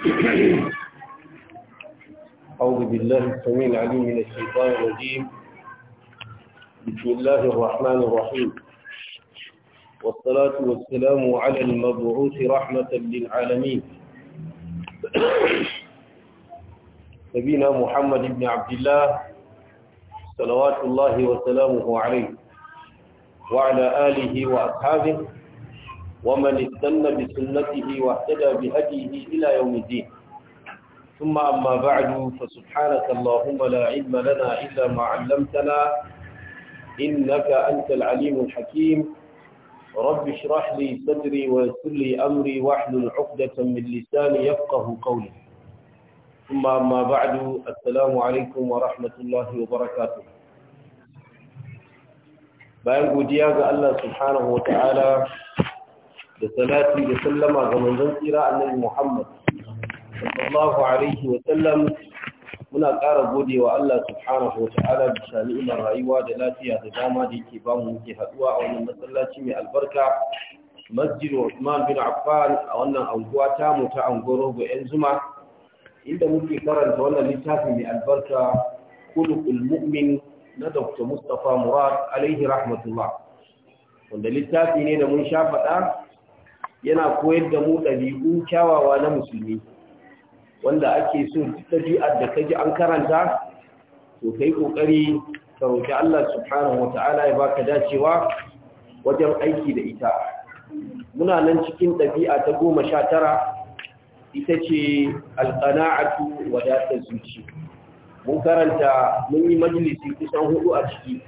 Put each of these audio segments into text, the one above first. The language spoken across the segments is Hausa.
أعوذ بالله السميع العليم من الشيطان الرجيم بسم الله الرحمن الرحيم والصلاة والسلام على المبعوث رحمة للعالمين نبينا محمد بن عبد الله صلوات الله وسلامه عليه وعلى آله وأصحابه ومن استنى بسنته واهتدى بهديه إلى يوم الدين ثم أما بعد فسبحانك اللهم لا علم لنا إلا ما علمتنا إنك أنت العليم الحكيم رب اشرح لي صدري ويسر لي أمري واحلل عقدة من لساني يفقه قولي ثم أما بعد السلام عليكم ورحمة الله وبركاته bayan godiya ga Allah subhanahu wa ta'ala da salati da sallama ga manzon tsira annabi Muhammad sallallahu alaihi wa sallam muna ƙara godewa Allah subhanahu wata'ala da shani'imar rayuwa da lafiya da dama da yake bamu muke haduwa a wannan masallaci mai albarka masjid Uthman bin Affan a wannan anguwa ta mu ta angoro ga yan zuma inda muke karanta wannan littafi mai albarka kulul mu'min na Dr. Mustapha Murad alaihi rahmatullah wanda littafi ne da mun sha faɗa yana koyar da mu ɗabi'u kyawawa na musulmi wanda ake so ɗabi'ar da ji an karanta to kai ƙoƙari ka roƙi Allah subhanahu ta'ala ya baka dacewa wajen aiki da ita muna nan cikin ɗabi'a ta goma sha tara ita ce alƙana'atu wadatar zuci mun karanta mun yi majalisi kusan hudu a ciki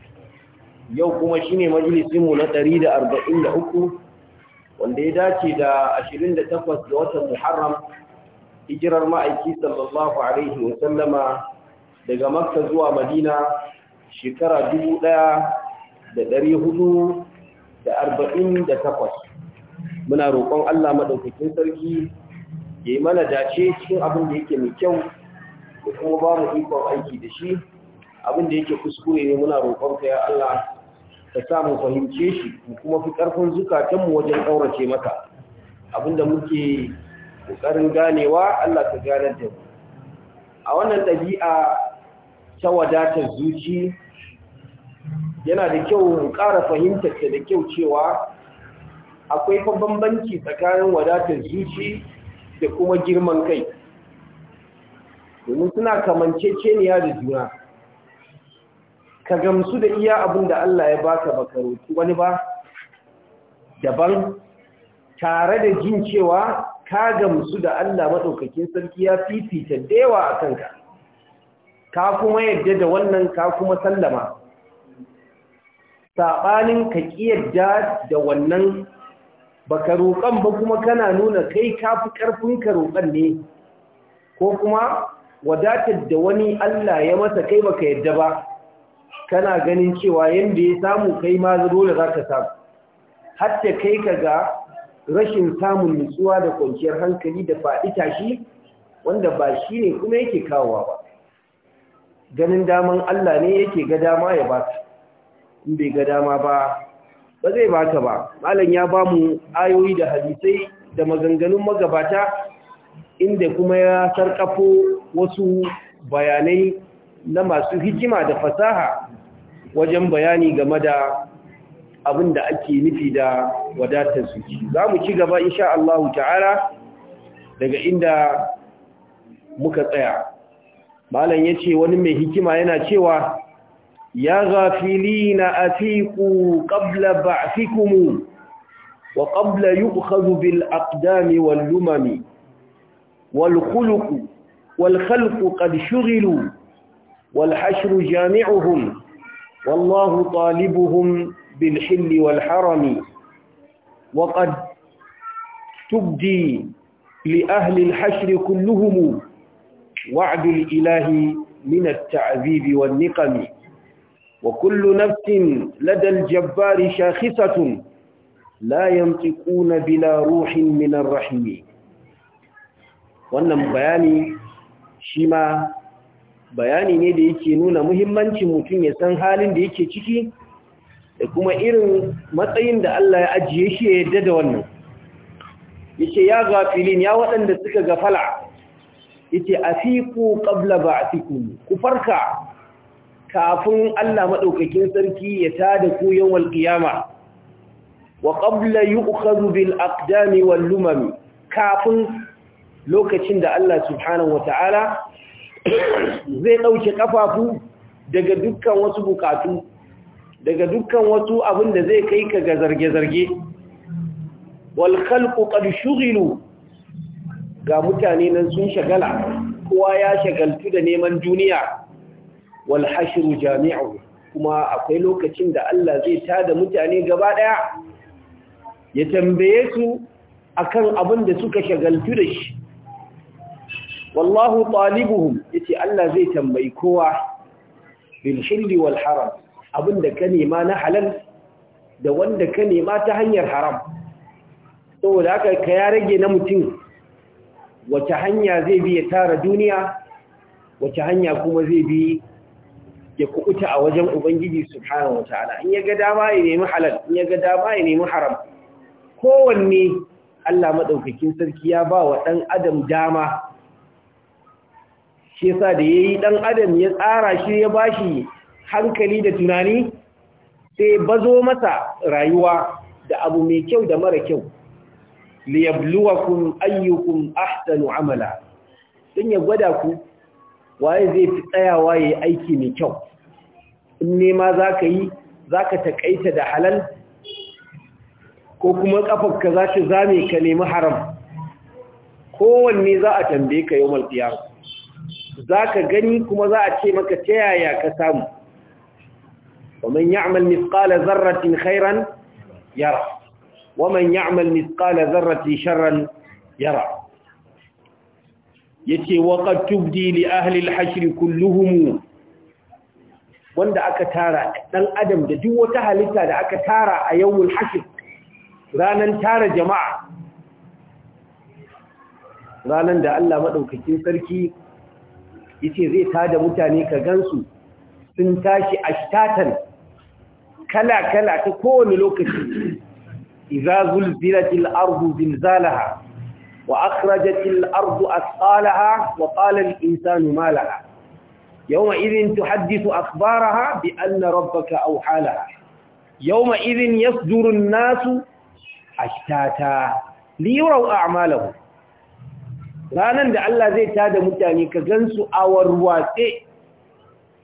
yau kuma shine majalisinmu na ɗari da arba'in da uku wanda ya dace da 28 da watan Muharram hijirar ma'aiki sallallahu alaihi wa sallama daga Makka zuwa Madina shekara 1448 muna roƙon Allah madaukakin sarki yayi mana dace cikin abin da yake mai kyau da kuma ba mu ikon aiki da shi abin da yake kuskure ne muna roƙon ka ya Allah ka sa mu fahimce shi mu kuma fi ƙarfin zukatanmu wajen ƙaurace maka abinda muke ƙoƙarin ganewa Allah ka gane da mu a wannan ɗabi'a ta wadatar zuci yana da kyau mu ƙara fahimtar da kyau cewa akwai fa bambanci tsakanin wadatar zuci da kuma girman kai domin suna kamanceceniya da juna ka gamsu da iya abin da Allah ya baka baka roƙi wani ba daban tare da jin cewa ka gamsu da Allah maɗaukakin sarki ya fifita da yawa a kanka ka kuma yadda da wannan ka kuma sallama saɓanin ka ƙiyarda da wannan baka roƙon ba kuma kana nuna kai ka fi ƙarfin ka roƙon ne ko kuma wadatar da wani Allah ya masa kai baka yadda ba kana ganin cewa yadda ya samu kai ma dole za ka samu hatta kai ka ga rashin samun nutsuwa da kwanciyar hankali da faɗi tashi wanda ba shi ne kuma yake kawowa ba ganin daman Allah ne yake ga dama ya ba ta in bai ga dama ba ba zai ba ta ba malam ya ba mu ayoyi da hadisai da maganganun magabata inda kuma ya sarƙafo wasu bayanai na masu hikima da fasaha wajen bayani game da abin da ake nufi da wadatar zuci za mu ci gaba insha Allah ta'ala daga inda muka tsaya malam ya ce wani mai hikima yana cewa ya gafili na afiku ƙabla ba'fikumu wa ƙabla yi ƙuhazu bil aqdami wal lumami wal khuluku wal khalku qad wal hashru jami'uhum والله طالبهم بالحل والحرم وقد تبدي لأهل الحشر كلهم وعد الإله من التعذيب والنقم وكل نفس لدى الجبار شاخصة لا ينطقون بلا روح من الرحم wannan bayani شما bayani ne da yake nuna muhimmancin mutum ya san halin da yake ciki da kuma irin matsayin da Allah ya ajiye shi ya yadda da wannan yace ya gafilin ya waɗanda suka gafala yace afiku qabla ba'thikum ku farka kafin Allah madaukakin sarki ya tada ku yawmal qiyama wa qabla yu'khadhu bil aqdami wal lumam kafin lokacin da Allah subhanahu wataala zai ɗauke ƙafafu daga dukkan wasu bukatu daga dukkan wasu abin da zai kai ka ga zarge-zarge wal khalqu ƙadu ga mutane nan sun shagala kowa ya shagaltu da neman duniya wal jami'u kuma akwai lokacin da Allah zai tada mutane gaba ɗaya. ya tambaye su akan abin da suka shagaltu da shi wallahu talibuhum yace Allah zai tambayi kowa bil hilli wal haram abinda ka nema na halal da wanda ka nema ta hanyar haram saboda haka ka ya rage na mutum wace hanya zai bi ya tara duniya wace hanya kuma zai bi ya kuɓuta a wajen ubangiji subhanahu wataala in ya ga dama ya nemi halal in ya ga dama ya nemi haram kowanne Allah maɗaukakin sarki ya ba wa ɗan adam dama shi yasa da yayi dan adam ya tsara shi ya bashi hankali da tunani sai bazo masa rayuwa da abu mai kyau da mara kyau liyabluwakum ayyukum ahsanu amala din ya gwada ku waye zai fi tsayawa yayi aiki mai kyau in nema zaka yi zaka takaita da halal ko kuma kafarka za ta zame ka nemi haram kowanne za a tambaye ka yawmal qiyamah za ka gani kuma za a ce maka ta yaya ka samu ومن يعمل مثقال ذرة خيرا يرى ومن يعمل مثقال ذرة sharran, yara. yace waqad tubdi li ahli al-hashr kulluhum wanda aka tara dan adam da duk wata halitta da aka tara a yawmul hashr ranan tara jama'a ranan da Allah madaukakin sarki yace zai tada mutane ka gansu sun tashi ashtatan kala kala ta kowane lokaci idza zulzilatil ardu zilzalaha wa akhrajatil ardu asqalaha wa qala al insanu ma laha yawma idhin tuhaddithu akhbaraha bi anna rabbaka awhalaha yawma idhin yasduru an-nasu ashtata li yuraw a'malahum ranan da Allah zai ta da mutane ka gansu awar watse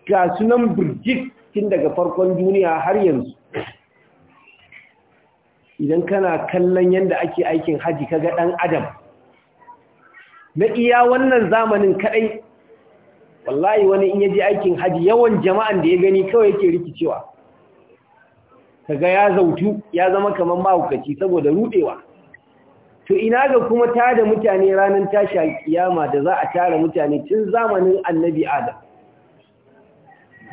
ga sunan birjik tun daga farkon duniya har yanzu idan kana kallon yadda ake aikin haji kaga ɗan adam na iya wannan zamanin kaɗai wallahi wani in yaji aikin haji yawan jama'an da ya gani kawai yake rikicewa kaga ya zautu ya zama kamar mahaukaci saboda rudewa to ina ga kuma tada mutane ranar tashi kiyama da za a tara mutane tun zamanin annabi adam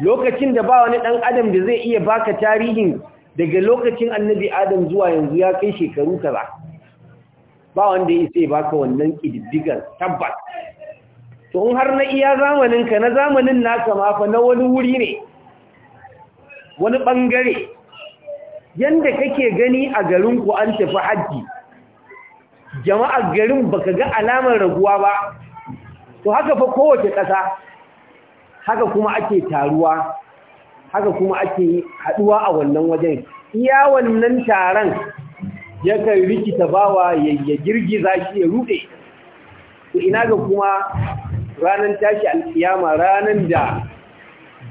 lokacin da ba wani dan adam da zai iya baka tarihin daga lokacin annabi adam zuwa yanzu ya kai shekaru kaza ba wanda ya sai baka wannan kididdigar tabbas to in har na iya zamanin ka na zamanin naka ma fa na wani wuri ne wani bangare yanda kake gani a garin ku an tafi hajji. jama'ar garin baka ga alamar raguwa ba to haka fa kowace ƙasa haka kuma ake taruwa haka kuma ake haɗuwa a wannan wajen iya wannan taron ya yakan rikita bawa ya girgiza shi ya ruɗe to ina ga kuma ranan tashi alkiyama ranan da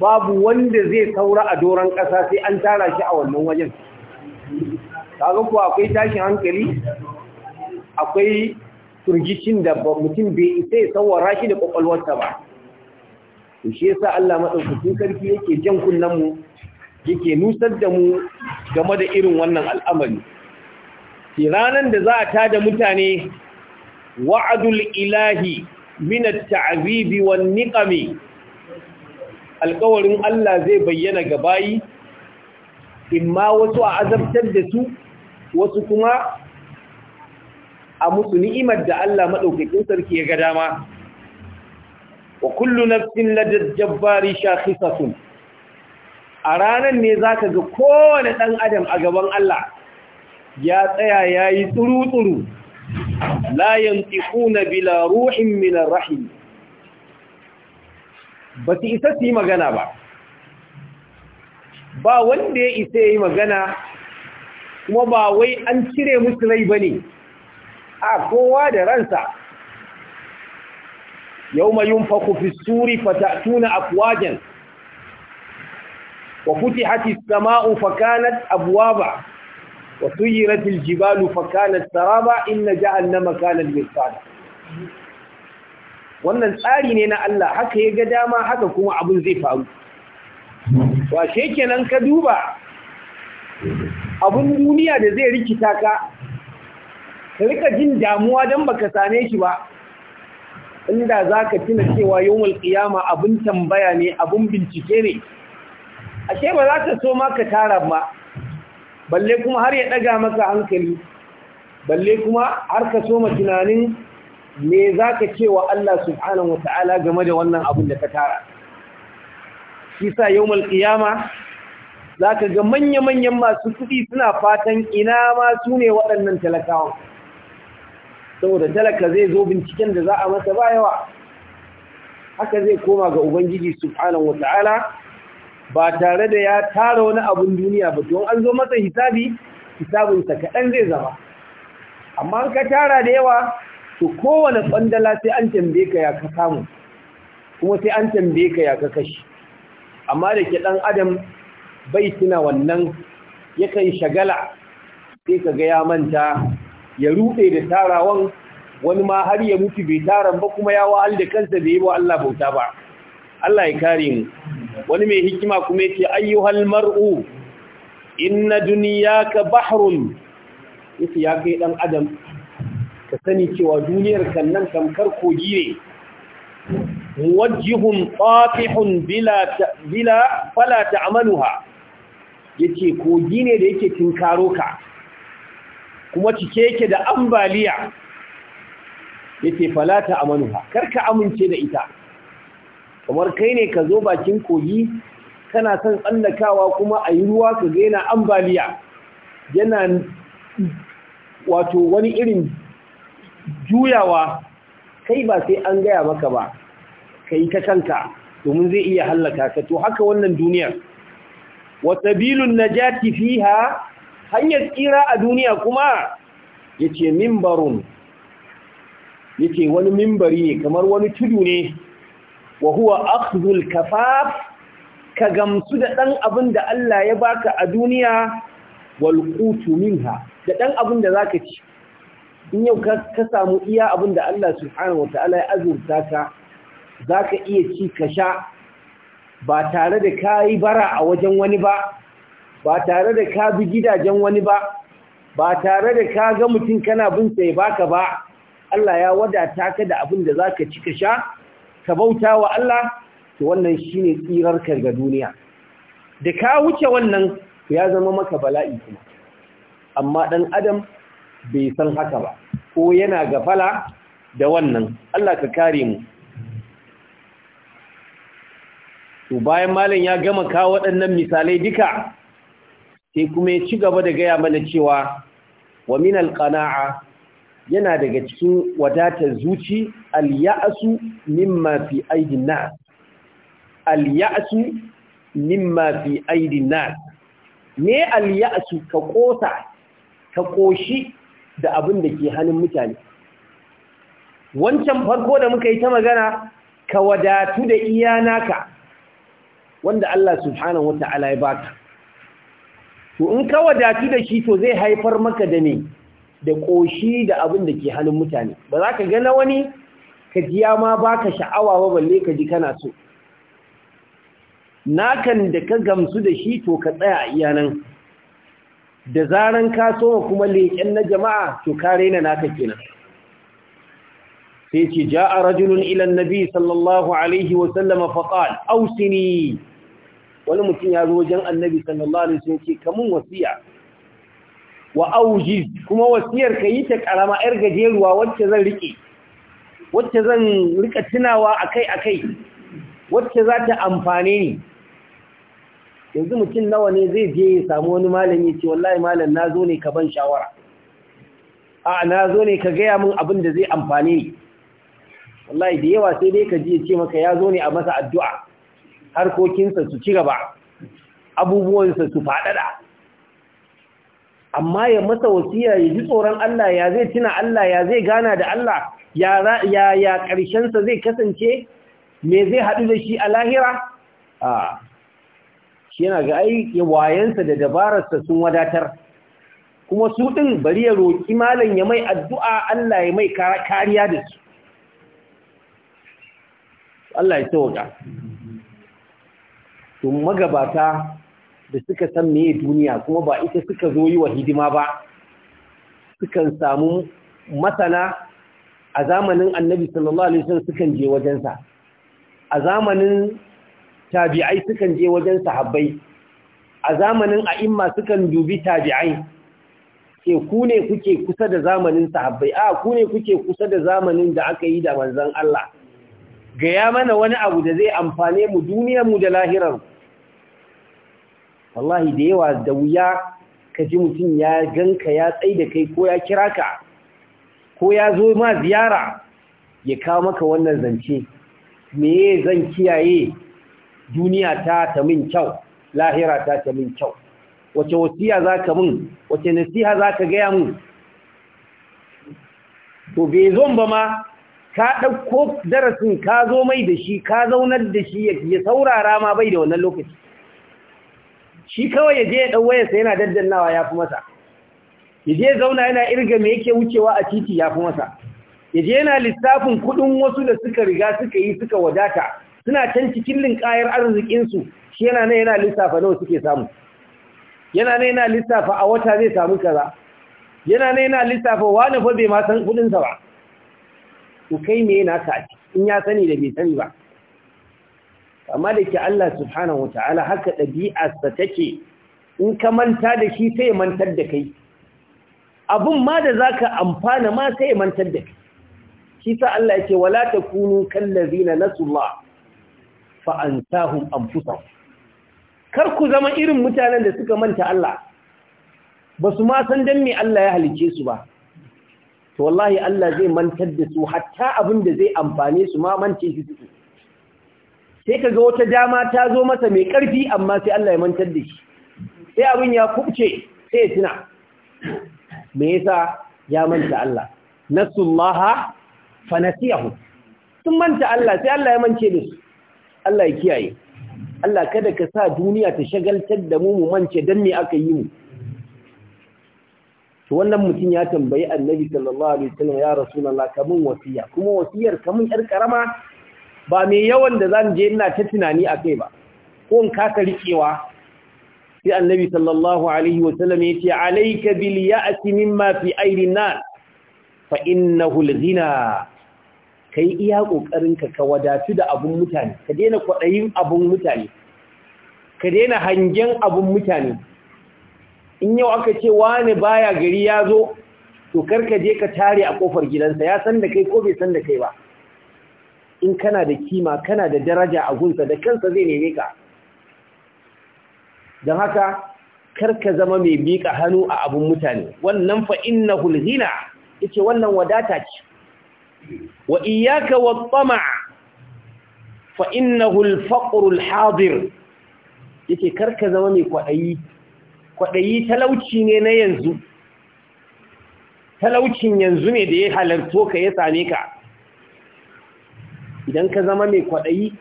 babu wanda zai saura a doron ƙasa sai an tara shi a wannan wajen kaga ku akwai tashin hankali akwai turgishin da mutum bai isa ya tsawara shi da kwakwalwarsa ba to shi yasa Allah madaukakin sarki yake jan kunnen mu yake nusar da mu game da irin wannan al'amari ki ranan da za a tada mutane wa'adul ilahi min at-ta'zibi wan niqami alƙawarin Allah zai bayyana ga bayi imma wasu a azabtar da su wasu kuma a musu ni'imar da Allah maɗaukakin sarki ya ga dama wa kullu nafsin ladajabbari shakhisatun a ranan ne zaka ga kowane ɗan adam a gaban Allah ya tsaya yayi tsuru-tsuru la yantiquna bila ruhin min ar-rahim ba su isa su yi magana ba ba wanda ya isa yi magana kuma ba wai an cire musu rai ba ne A'a, kowa da ransa yau mai yin fakufi suri fata tuna akwajen wa kuti hati sama'u fakanat abuwa ba wa suyi ratil jibalu fakanat saraba inna ja'an na makanan mai wannan tsari ne na Allah haka ya ga dama haka kuma abin zai faru ba shekenan ka duba Abun duniya da zai rikita ka rika jin damuwa don baka same shi ba inda za ka tuna cewa yawon kiyama abin tambaya ne abin bincike ne ashe ba za ka so ma ka tara ba balle kuma har ya ɗaga maka hankali balle kuma har ka so ma tunanin me za ka ce wa Allah subhanahu wa ta'ala game da wannan abin da ka tara shi sa yawon kiyama za ka ga manya-manyan masu kuɗi suna fatan ina ma su ne waɗannan talakawa? saboda talaka zai zo binciken da za a masa ba yawa haka zai koma ga ubangiji subhanahu wata'ala ba tare da ya tara wani abun duniya ba don an zo masa hisabi hisabinsa kaɗan zai zama amma an ka tara da yawa to kowane ɓandala sai an tambaye ka ya ka samu kuma sai an tambaye ka ya ka kashi amma da ke ɗan adam bai tuna wannan yakan shagala sai ka ga ya manta ya rude da tarawan wani ma har ya mutu bai taran ba kuma ya wa'al da kansa da yi wa Allah bauta ba Allah ya kare mu wani mai hikima kuma yake ayyuhal mar'u inna duniya ka bahrun yake ya kai dan adam ka sani cewa duniyar kan nan tamkar kogi ne Wajihun fatihun bila bila fala ta'maluha kogi ne da yake tinkaro ka kuma cike yake da ambaliya yake falata amanuha karka amince da ita kamar kai ne ka zo bakin kogi kana son tsallakawa kuma a yi ruwa ka daina ambaliya yana wato wani irin juyawa kai ba sai an gaya maka ba ka yi ta kanka domin zai iya hallaka ka to haka wannan duniyar wa sabilun najati fiha hanyar tsira a duniya kuma ce mimbarun ce wani mimbari ne kamar wani tudu ne wa huwa akhzul kafaf ka gamsu da ɗan abin da Allah ya baka a duniya wal min minha da ɗan abin da za ka ci in yau ka samu iya abin da Allah subhanahu Ta'ala ya azurta ka za ka iya ci ka sha ba tare da ka yi bara a wajen wani ba ba tare da ka bi gidajen wani ba ba tare da ka ga mutum kana bin sai baka ba Allah ya wadata ka da abin da zaka ci ka sha ka bauta wa Allah to wannan shine tsirar ka ga duniya da ka wuce wannan ya zama maka bala'i kuma amma dan adam bai san haka ba ko yana gafala da wannan Allah ka kare mu to bayan malam ya gama kawo waɗannan misalai duka sai kuma ya ci gaba da gaya mana cewa wa min alqana'a yana daga cikin wadatar zuci alya'su mimma fi aidin nas alya'su mimma fi aidin nas me alya'su ka kosa ka koshi da abin da ke hannun mutane wancan farko da muka yi ta magana ka wadatu da iyanaka wanda Allah subhanahu wata'ala ya baka to in ka wadatu da shi to zai haifar maka da ne da ƙoshi da abin da ke hannun mutane ba za ka gana wani ka jiya ma ba ka sha'awa ba balle ka ji kana so nakan da ka gamsu da shi to ka tsaya a iyanan da zaran ka soma kuma leƙen na jama'a to ka raina naka kenan sai ce a rajulun ilan nabi sallallahu alaihi wa sallama faqal ausini wani mutum ya zo wajen annabi sallallahu alaihi wasallam ce kamun wasiya wa auji kuma wasiyar ka yi ta karama yar gajeruwa wacce zan rike wacce zan rika tunawa akai-akai wacce za ta amfane ni yanzu mutum nawa ne zai je ya samu wani malami ce wallahi malam na zo ne ka ban shawara a na zo ne ka gaya min abin da zai amfane ni wallahi da yawa sai dai ka ji ya ce maka ya zo ne a masa addu'a harkokinsa su ci gaba abubuwansa su faɗaɗa amma ya masa wasiya ya ji tsoron Allah ya zai tuna Allah ya zai gana da Allah ya ya ƙarshensa zai kasance me zai haɗu da shi a lahira a shi yana ga ai wayansa da dabararsa sun wadatar kuma su ɗin bari ya roƙi malam ya mai addu'a Allah ya mai kariya da su Allah ya sauka to magabata da suka san meye duniya kuma ba ita suka zo yi wa hidima ba sukan samu masana a zamanin annabi sallallahu alaihi wasallam sukan je wajensa a zamanin tabi'ai sukan je wajen sahabbai a zamanin a'imma sukan dubi tabi'ai ke ku ne kuke kusa da zamanin sahabbai a ku ne kuke kusa da zamanin da aka yi da manzon Allah gaya mana wani abu da zai amfane mu duniyar mu da lahirar wallahi da yawa da wuya ka ji mutum ya ganka ya tsai da kai ko ya kira ka ko ya zo ma ziyara ya kawo maka wannan zance me zan kiyaye duniya ta ta min kyau lahira ta ta min kyau wace wasiya ka min wace nasiha ka gaya min to bai zon ba ma ka ɗauko darasin ka zo mai da shi ka zaunar da shi ya saurara ma bai da wannan lokaci shi kawai ya je ya ɗau wayarsa yana daddannawa ya fi masa ya zauna yana irga me yake wucewa a titi ya fi masa ya yana lissafin kuɗin wasu da suka riga suka yi suka wadata suna can cikin linƙayar arzikinsu shi yana ne yana lissafa nawa suke samu yana ne yana lissafa a wata zai samu kaza yana ne yana lissafa wani fa bai ma san kuɗinsa ba Ku kai me yana ciki in ya sani da bai sani ba amma da ke Allah subhanahu ta'ala haka ɗabi'arsa take in ka manta da shi sai mantar da kai Abin ma da za ka amfana ma sai mantar da kai shi sa Allah yake wala takunu kallazina nasullah fa ansahum kar ku zama irin mutanen da suka manta Allah ba su ma san dan me Allah ya halice su ba to wallahi Allah zai mantar da su hatta abin da zai amfane su ma mance shi suke sai kaga wata dama ta zo masa mai ƙarfi amma sai Allah ya mantar da shi sai abin ya kubce sai ya tuna me yasa ya manta Allah nasullaha nasiyahu sun manta Allah sai Allah ya mance da su Allah ya kiyaye Allah kada ka sa duniya ta shagaltar da mu mu mance dan me aka yi mu to wannan mutum ya tambayi annabi sallallahu alaihi wasallam ya rasulullah kamun wasiya kuma wasiyar kamun yar karama ba mai yawan da zan je ina ta tunani a kai ba ko in ka riƙewa sai annabi sallallahu alaihi wa sallam ya ce alayka bil ya'ti mimma fi aidin nas fa innahu al-ghina kai iya kokarinka ka wadatu da abun mutane ka daina kwadayin abun mutane ka daina hangen abun mutane in yau aka ce wani baya gari ya zo to karka je ka tare a kofar gidansa ya san da kai ko bai san da kai ba in kana da kima kana da daraja a gunsa da kansa zai neme ka don haka karka zama mai miƙa hannu a abin mutane wannan fa hulhina ya yace wannan wadata ce wa iyyaka wa tsama fa innahu al-faqr ya ce yace karka zama mai kwadayi kwadayi talauci ne na yanzu talaucin yanzu ne da ya halarto ka ya same ka idan ka zama mai kwaɗayi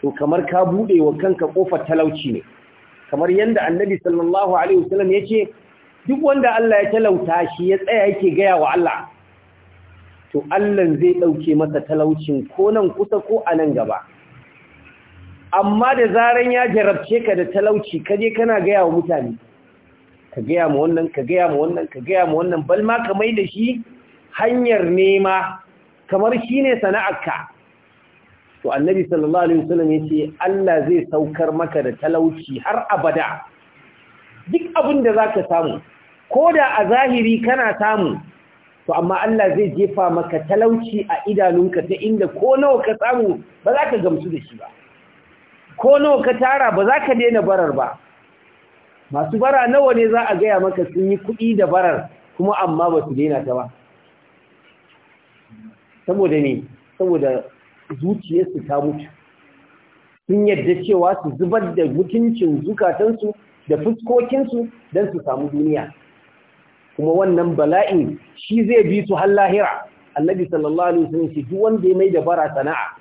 to kamar ka buɗe wa kanka ƙofar talauci ne kamar yadda annabi sallallahu alaihi wasallam ya ce duk wanda Allah ya talauta shi ya tsaya yake gaya wa Allah to Allah zai ɗauke masa talaucin ko nan kusa ko a nan gaba amma da zaran ya jarabce ka da talauci ka je kana gaya wa mutane ka gaya ma wannan ka gaya ma wannan ka gaya ma wannan bal ma ka mai da shi hanyar nema kamar shi shine sana'arka to annabi sallallahu alaihi wasallam yace Allah zai saukar maka da talauci har abada duk abin da zaka samu koda a zahiri kana samu to amma Allah zai jefa maka talauci a idanunka ta inda ko nawa ka samu ba za ka gamsu da shi ba ko nawa ka tara ba za ka daina barar ba masu bara nawa ne za a gaya maka sun yi kuɗi da barar kuma amma ba su daina ta ba saboda ne saboda zuciyarsu ta mutu sun yadda cewa su zubar da mutuncin zukatansu da fuskokinsu don su samu duniya kuma wannan bala'in shi zai bi su har lahira annabi sallallahu alaihi wasallam shi duk wanda ya mai da bara sana'a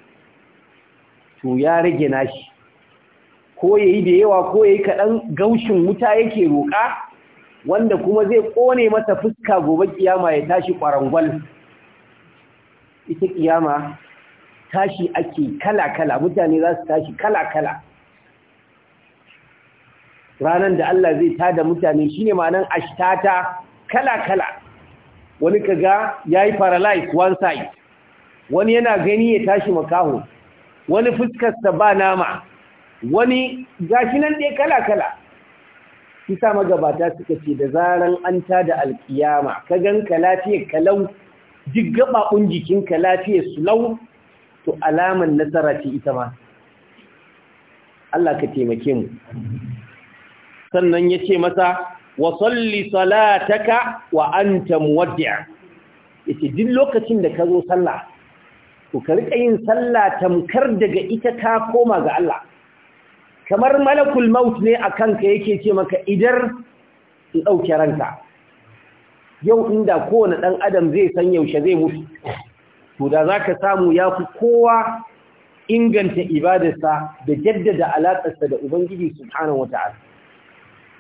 to ya rage nashi ko yayi da yawa ko yayi kaɗan gaushin wuta yake roƙa, wanda kuma zai ƙone masa fuska gobe kiyama ya tashi kwarangwal ita kiyama tashi ake kala-kala mutane za su tashi kala-kala ranar da Allah zai ta da mutane shine ma'anar ashtata kala-kala wani kaga ya yi paralyze one side wani yana gani ya tashi makaho wani fuskarsa ba nama wani gashi nan ɗaya kala-kala kisa magabata suka ce da zaran an ta da alkiyama ka gan ka lafiyar kalau duk gaɓaɓun jikinka lafiyar su lau to alaman nasara ce ita ma Allah ka taimake mu sannan ya ce masa wa salli salataka wa anta muwaddi' yace duk lokacin da ka zo sallah ko ka rika yin sallah tamkar daga ita ka koma ga Allah kamar malakul maut ne a kanka yake ce maka idar in dauke ranka yau inda kowane ɗan adam zai san yaushe zai mutu to da za ka samu ya fi kowa inganta ibadarsa da jaddada alaƙarsa da Ubangiji Subhanahu wata'ala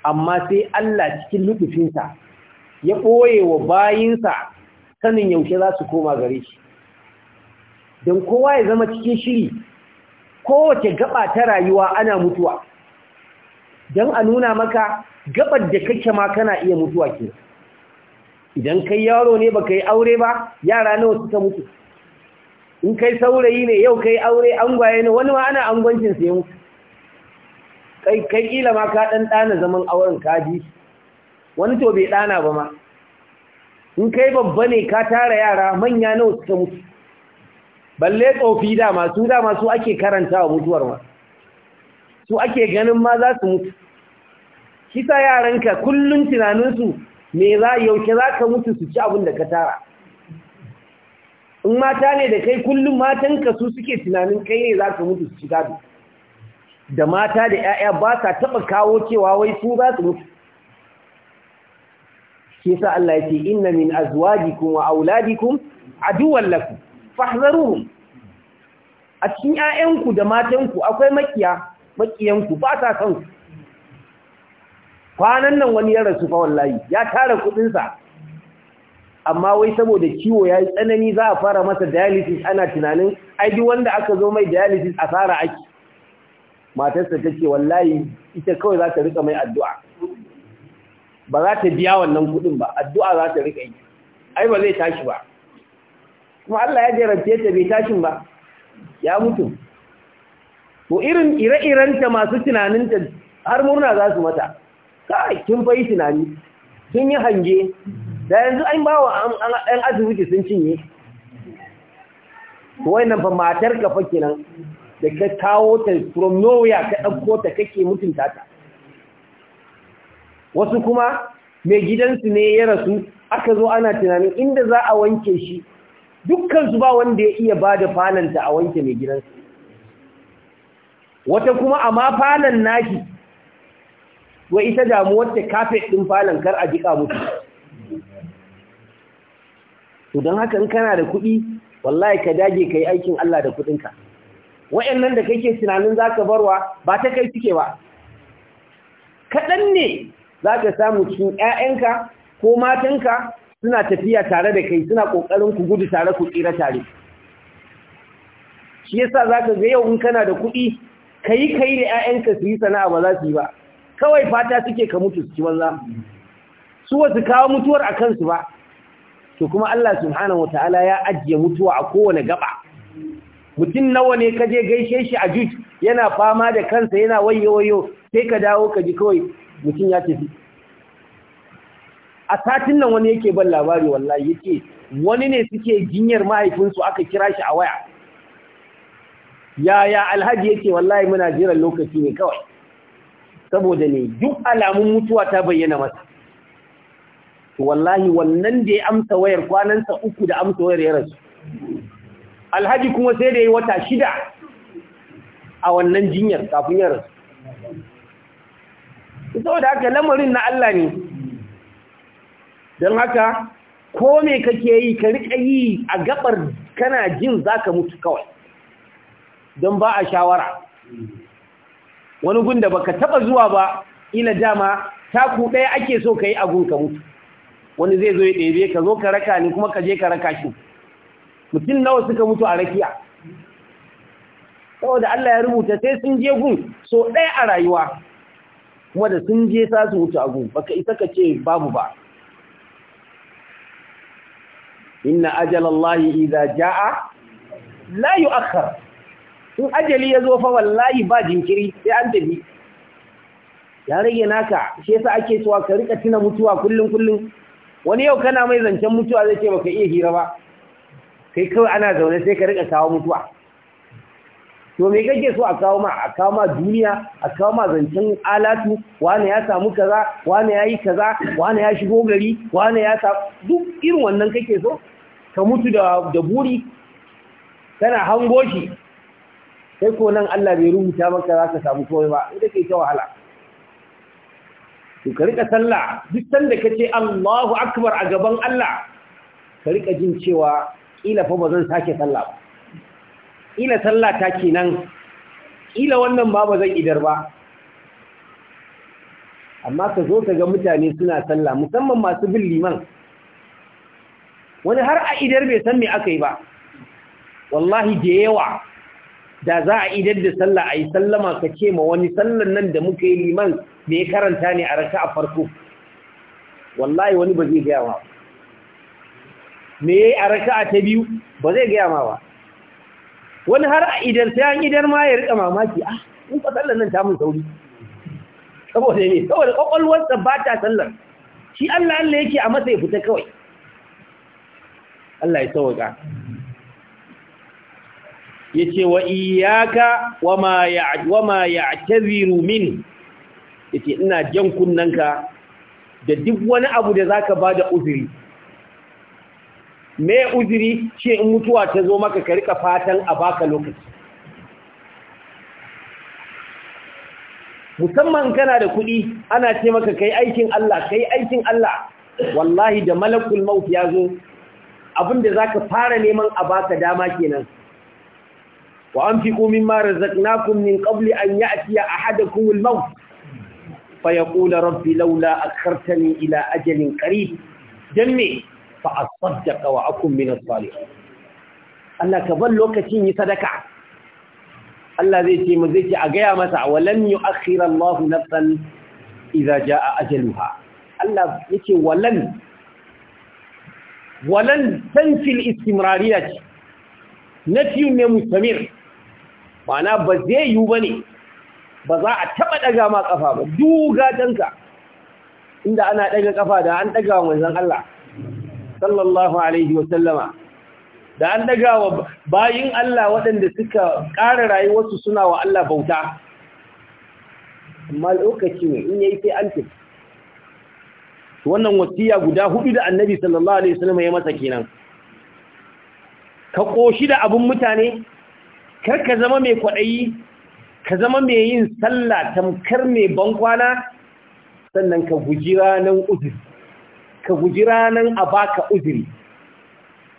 amma sai Allah cikin lutufinsa ya ɓoye wa bayinsa sanin yaushe za su koma gare shi don kowa ya zama cikin shiri kowace gaba ta rayuwa ana mutuwa don a nuna maka gabar da kake ma kana iya mutuwa ke idan kai yaro ne baka yi aure ba yara nawa suka mutu in kai saurayi ne yau kai aure angwaye ne wani ma ana gwancin sai mu kai kai kila ma ka dan dana zaman auren ka ji wani to bai dana ba ma in kai babba ne ka tara yara manya nawa suka mutu balle tsofi ma su dama su ake karanta wa mutuwar ma su ake ganin ma za su mutu kisa yaranka kullun su me za yauke za ka mutu su ci abin da ka tara in mata ne da kai kullum matanka su suke tunanin kai ne za ka mutu su ci gado da mata da 'ya'ya ba sa taɓa kawo cewa wai su za su mutu ke sa Allah ya inna min azwajikum wa auladikum aduwwan lakum fahzaruhum a cikin 'ya'yanku da matanku akwai makiya makiyanku ba sa son ku kwanan nan wani ya rasu fa wallahi ya tara kuɗinsa amma wai saboda ciwo ya yi tsanani za a fara masa dialysis ana tunanin aiki wanda aka zo mai dialysis a fara ake. matarsa ta ce wallahi ita kawai za ta rika mai addu'a ba za ta biya wannan kudin ba addu'a za ta rika yi ai ba zai tashi ba kuma Allah ya jarabce ta bai tashin ba ya mutu ko irin ire-irenta masu tunaninta har murna za su mata ka kin fa yi tunani kin yi hange da yanzu an ba wa ɗan asibiti sun cinye wannan ba matar ka kenan da ka kawo ta from nowhere ka ɗauko ta kake mutunta ta wasu kuma mai gidansu ne ya rasu aka zo ana tunanin inda za a wanke shi dukkansu ba wanda ya iya ba da falanta a wanke mai gidansu wata kuma a ma falon naki, wa ita damuwar ta kafet ɗin falon kar a jiƙa mutu to don haka in kana da kuɗi wallahi ka dage ka yi aikin Allah da kuɗinka wa'annan da kake tunanin za ka barwa ba ta kai suke ba kaɗan ne za ka samu cikin 'ya'yanka ko matanka suna tafiya tare da kai suna ƙoƙarin ku gudu tare ku tsira tare shi yasa za ka ga yau in kana da kuɗi ka yi kai da 'ya'yanka su yi sana'a ba za su yi ba kawai fata suke ka mutu su ci banza su wasu kawo mutuwar a kansu ba to kuma Allah subhanahu wataala ya ajiye mutuwa a kowane gaba mutum nawa ne ka je gaishe shi a juj yana fama da kansa yana wayo wayo sai ka dawo ka ji kawai mutum ya tafi a satin nan wani yake ban labari wallahi yake wani ne suke jinyar mahaifinsu aka kira shi a waya yaya alhaji yake wallahi muna jiran lokaci ne kawai saboda ne duk alamun mutuwa ta bayyana masa wallahi wannan da ya amsa wayar kwanan sa uku da amsa wayar ya rasu alhaji kuma sai da ya wata shida a wannan jinyar kafin ya rasu da haka lamarin na Allah ne don haka ko me kake yi ka riƙa yi a gabar kana jin zaka mutu kawai don ba a shawara wani gunda baka taba zuwa ba ina dama taku ɗaya ake so ka yi abun ka mutu wani zai zo ya ɗebe ka zo ka raka ni kuma ka je ka raka shi mutum nawa suka mutu a rakiya saboda Allah ya rubuta sai sun je gun so ɗaya a rayuwa kuma da sun je sa su mutu a gun baka isa ka ce babu ba inna ajalallahi idza jaa la yu'akhkhar in ajali ya zo fa wallahi ba jinkiri sai an tafi ya rage naka shi yasa ake cewa ka rika tuna mutuwa kullun kullun wani yau kana mai zancen mutuwa zai ce baka iya hira ba kai kawai ana zaune sai ka rika kawo mutuwa to me kake so a kawo ma a kawo ma duniya a kawo ma zancen alatu wani ya samu kaza wani ya yi kaza wani ya shigo gari wani ya sa duk irin wannan kake so ka mutu da da buri kana hango shi sai ko nan Allah bai rubuta maka za ka samu komai ba inda kai ta wahala to ka riƙa sallah duk sanda kace Allahu akbar a gaban Allah ka rika jin cewa kila fa bazan sake sallah ba kila sallah ta kenan kila wannan ba bazan idar ba amma ka zo ka ga mutane suna sallah musamman masu bin liman wani har a idar bai san me aka yi ba wallahi da yawa da za a idar da sallah a yi sallama ka ce ma wani sallan nan da muka yi liman mai ya karanta ne a raka a farko wallahi wani ba zai gaya ma ba me ya yi a raka a ta biyu ba zai gaya ma ba wani har a idar sai an idar ma ya rika mamaki ah in fa sallan nan ta mun sauri saboda ne saboda kwakwalwarsa ba ta sallar shi Allah Allah yake a masa ya fita kawai Allah ya sauka yace wa iyyaka wama ya ya'taziru min yace ina jan kunnanka da duk wani abu da zaka bada uzuri me uzuri ce in mutuwa ta zo maka ka rika fatan a baka lokaci musamman kana da kuɗi ana ce maka kai aikin Allah kai aikin Allah wallahi da malakul maut ya zo abinda zaka fara neman a baka dama kenan وأنفقوا مما رزقناكم من قبل أن يأتي أحدكم الموت فيقول ربي لولا أخرتني إلى أجل قريب جمي فأصدق وأكون من الصالحين Allah ka ban lokacin yi sadaka Allah zai ce mu zai ce a gaya masa walan yu'akhkhir Allahu nafsan idza jaa ajaluha Allah yake walan walan tanfil istimrariya ce nafi ne mustamir ma'ana ba zai yiwu ba ne ba za a taɓa ɗaga ma ƙafa ba duga ɗanka inda ana ɗaga ƙafa da an ɗaga wa manzan Allah sallallahu alaihi wa sallama da an ɗaga wa bayin Allah waɗanda suka ƙara rayuwarsu suna wa Allah bauta amma lokaci ne in yi sai an fi wannan wasiya guda hudu da annabi sallallahu alaihi wasallama ya masa kenan ka ƙoshi da abin mutane kar ka zama mai kwaɗayi ka zama mai yin sallah tamkar mai bankwana sannan ka guji ranar uzuri ka guji ranar a baka uzuri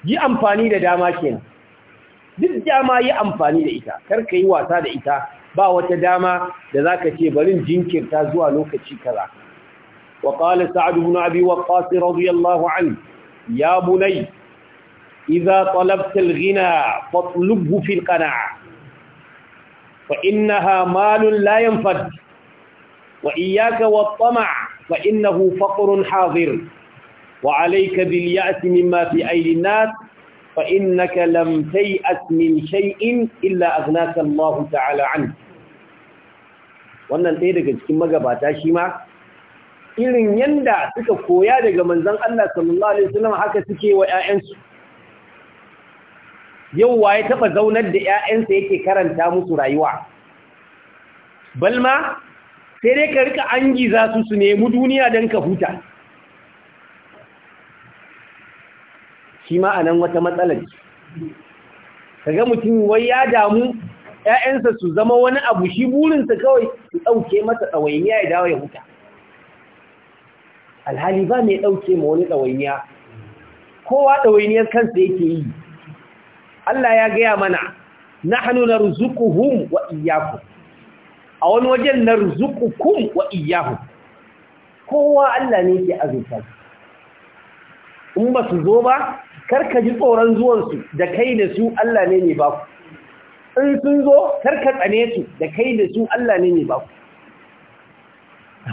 yi amfani da dama kenan duk dama yi amfani da ita kar ka yi wasa da ita ba wata dama da za ka ce barin jinkirta zuwa lokaci kaza وقال سعد بن أبي وقاص رضي الله عنه يا بني إذا طلبت الغنى فاطلبه في القناعة فإنها مال لا ينفد وإياك والطمع فإنه فقر حاضر وعليك باليأس مما في أيدي الناس فإنك لم تيأس من شيء إلا أغناك الله تعالى عنه wannan ɗaya daga cikin magabata shi ma irin yanda suka koya daga manzon Allah sallallahu alaihi wasallam haka suke wa ƴaƴansu yau ya taɓa zaunar da ‘ya'yansa yake karanta musu rayuwa balma sai dai ka rika an giza su su nemi duniya don ka huta shi ma a nan wata matsalar kaga mutum wai ya damu ‘ya'yansa su zama wani abu shi burinsa kawai su ɗauke masa ɗawainiya ya dawo ya huta alhali ba mai ɗauke ma wani ɗawainiya kowa ɗawainiyar kansa yake yi Allah ya gaya mana nahnu narzuquhum wa iyyakum a wani wajen narzuqukum wa iyyahum kowa Allah ne ke azurta in ba su zo ba karka ji tsoron zuwansu da kai da su Allah ne ne baku in sun zo karka tsane su da kai da su Allah ne ne baku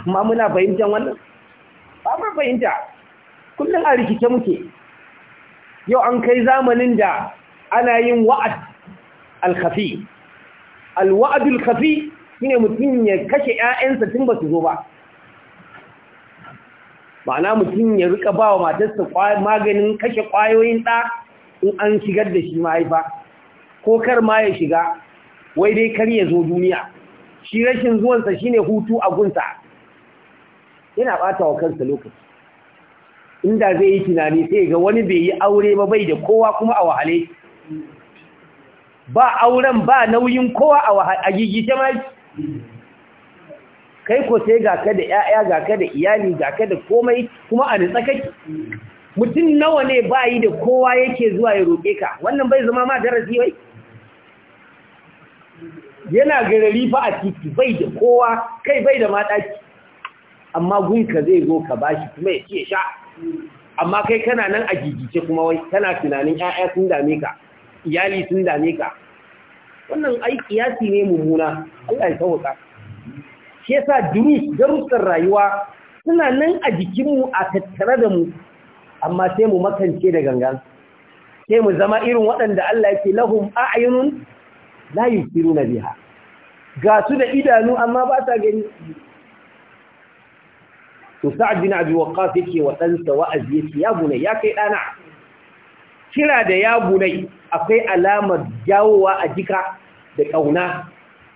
amma muna fahimtar wannan ba mu fahimta kullum a rikice muke yau an kai zamanin da ana yin wa'ad al-khafi al shi ne shine mutum ya kashe 'ya'yansa tun ba su zo ba ma'ana mutum ya rika ba wa matarsa maganin kashe ƙwayoyin ɗa in an shigar da shi mahaifa ko kar ma ya shiga wai dai kar ya zo duniya shi rashin zuwansa shine hutu a gunsa yana ɓata wa kansa lokaci inda zai yi tunani sai ga wani bai yi aure ba bai da kowa kuma a wahale ba auren ba nauyin kowa a gigice mai kai ko sai ga ka da 'ya'ya ga ka da iyali ga ka da komai kuma a ni tsakaki mutum nawa ne ba yi da kowa yake zuwa ya roƙe ka wannan bai zama ma darasi bai yana garari fa a titi bai da kowa kai bai da maɗaki amma gunka zai zo ka bashi kuma ya ce sha amma kai kana nan a gigice kuma wai kana tunanin 'ya'ya sun dame ka iyali sun dame ka wannan ai kiyasi ne mummuna Allah ya sauka shi yasa durus darussan rayuwa suna nan a jikin mu a tattare da mu amma sai mu makance da gangan sai mu zama irin waɗanda Allah yake lahum a'yunun la yusiruna biha ga su da idanu amma ba sa gani to sa'ad bin abi waqqas yake wa ɗansa wa'azi yake ya ya kai ɗana kira da ya bunai akwai alamar jawowa a jika da ƙauna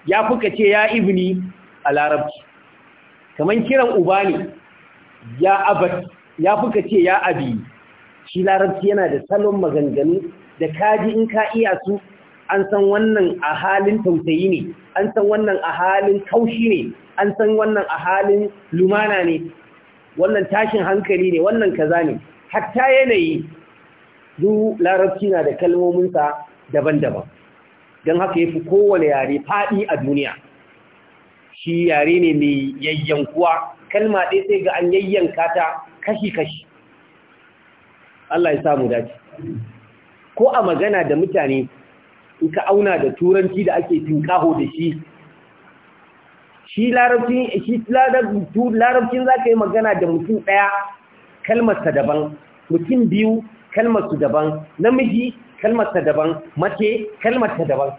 ya kuka ce ya ibini a larabci kamar kiran uba ne ya abat ya kuka ce ya abi shi larabci yana da salon maganganu da kaji in ka iya su an san wannan a halin tausayi ne an san wannan a halin kaushi ne an san wannan a halin lumana ne wannan tashin hankali ne wannan kaza ne hatta yanayi duk larabci na da kalmominsa daban-daban don haka ya fi kowane yare faɗi a duniya shi yare ne mai yayyankuwa kalma ɗaya sai ga an yayyanka ta kashi-kashi Allah ya samu dace ko a magana da mutane in ka auna da turanci da ake tinkaho da shi shi larabcin za ka yi magana da mutum ɗaya kalmarsa daban mutum biyu kalmar su daban namiji kalmar ta daban mace kalmar ta daban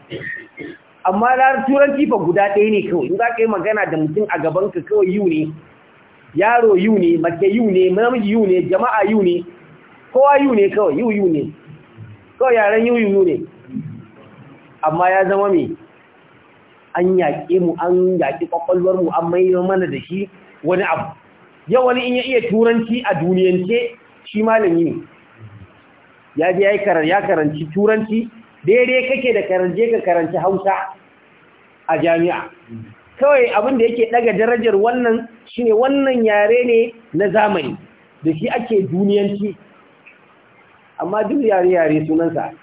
amma lar turanci fa guda ɗaya ne kawai in za ka yi magana da mutum a gaban ka kawai yiwu ne yaro yiwu ne mace yiwu ne namiji yiwu ne jama'a yiwu ne kowa yiwu ne kawai yiwu yiwu ne kawai yaren yiwu yiwu ne amma ya zama mai, an yaƙe mu an yaƙi ƙwaƙwalwar mu an mai mana da shi wani abu yau wani in ya iya turanci a duniyance shi malami ne ya je ya karanci turanci daidai kake da karanje ka karanci hausa a jami'a kawai abinda yake daga darajar wannan shine wannan yare ne na zamani da shi ake duniyanci amma duk yare-yare sunansa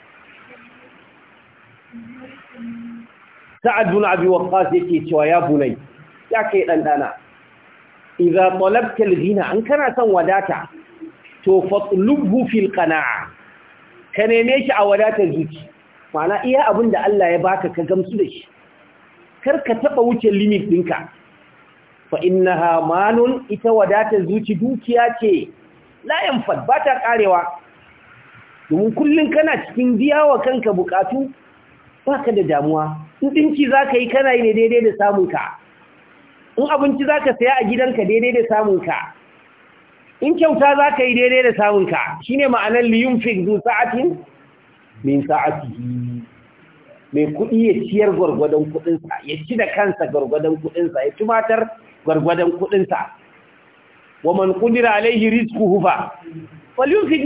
sa'adun abi waqqas yake cewa ya bunai ya kai dandana. dana idza talabta an kana son wadata to fatlubhu fil qana'a ka neme shi a wadatar zuci mana iya abin da Allah ya baka ka gamsu da shi kar ka taba wuce limit ɗinka fa innaha malun ita wadatar zuci dukiya ce la yanfad ba ta karewa domin kullum kana cikin biyawa kanka bukatu baka da damuwa in dinki zaka yi kana yi ne daidai da samun in abinci zaka saya a gidanka daidai da samun ka in kyauta za ka yi daidai da samunka shi ne ma'anar liyun zuwa sa'atin min sa'atihi mai kuɗi ya ciyar gwargwadon kuɗinsa ya ci da kansa gwargwadon kuɗinsa ya tumatar gwargwadon kuɗinsa wa man qudira alaihi rizquhu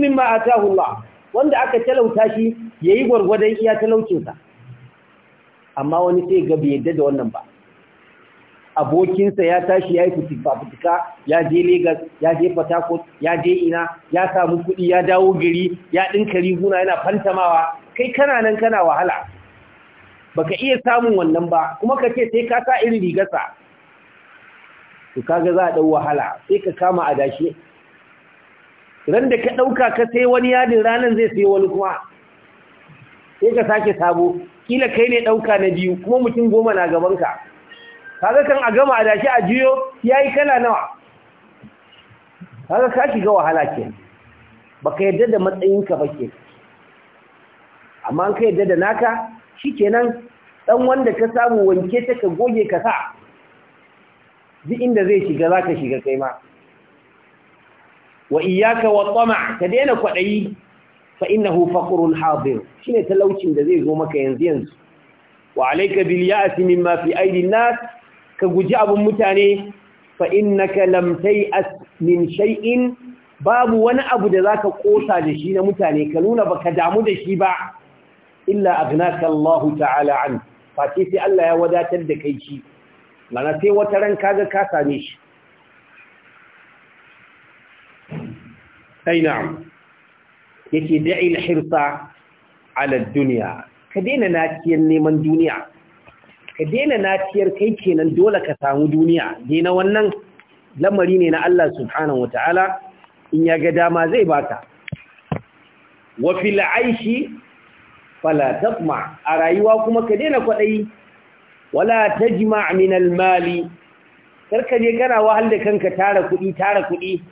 min ma a ataahu Allah wanda aka talauta shi ya yi gwargwadon iya talaucinsa amma wani sai gabi yadda da wannan ba abokinsa ya tashi ya yi fitifafitika ya je Legas, ya je Fatakot, ya je ina, ya samu kuɗi ya dawo gari, ya ɗinka riguna yana fantamawa, kai kana nan kana wahala. Baka iya samun wannan ba, kuma ka ce sai ka sa irin rigarsa. To kaga za a ɗau wahala, sai ka kama a dashe Ran da ka ɗauka ka sai wani yadin ranar zai sai wani kuma. Sai ka sake sabo, kila kai ne ɗauka na biyu, kuma mutum goma na gabanka. kaga kan a gama a adashi a jiyo ya yi kala nawa kaga ka shiga wahala ke baka yadda da matsayinka ba ke amma ka yadda da naka shi nan, ɗan wanda ka samu wanke ta ka goge ka sa duk inda zai shiga za ka shiga kai ma wa iyaka wa tsama ka daina kwaɗayi fa innahu faqrul hadir shine talaucin da zai zo maka yanzu yanzu wa alayka bil ya'si mimma fi nas ka guji abin mutane fa innaka lam tay'as min shay'in babu wani abu da zaka ƙosa da shi na mutane ka nuna baka damu da shi ba illa aghnaka Allah ta'ala an fa sai Allah ya wadatar da kai shi mana sai wata ran kaga ka same shi ai yake da'i al-hirsa ala dunya ka daina nakiyar neman duniya ka daina natiyar kai kenan dole ka samu duniya daina wannan lamari ne na Allah subhanahu wata'ala in ya ga dama zai baka wa fil aishi fala a rayuwa kuma ka daina kwadai wala tajma' min al mali karka je kana wahal da kanka tara kudi tara kudi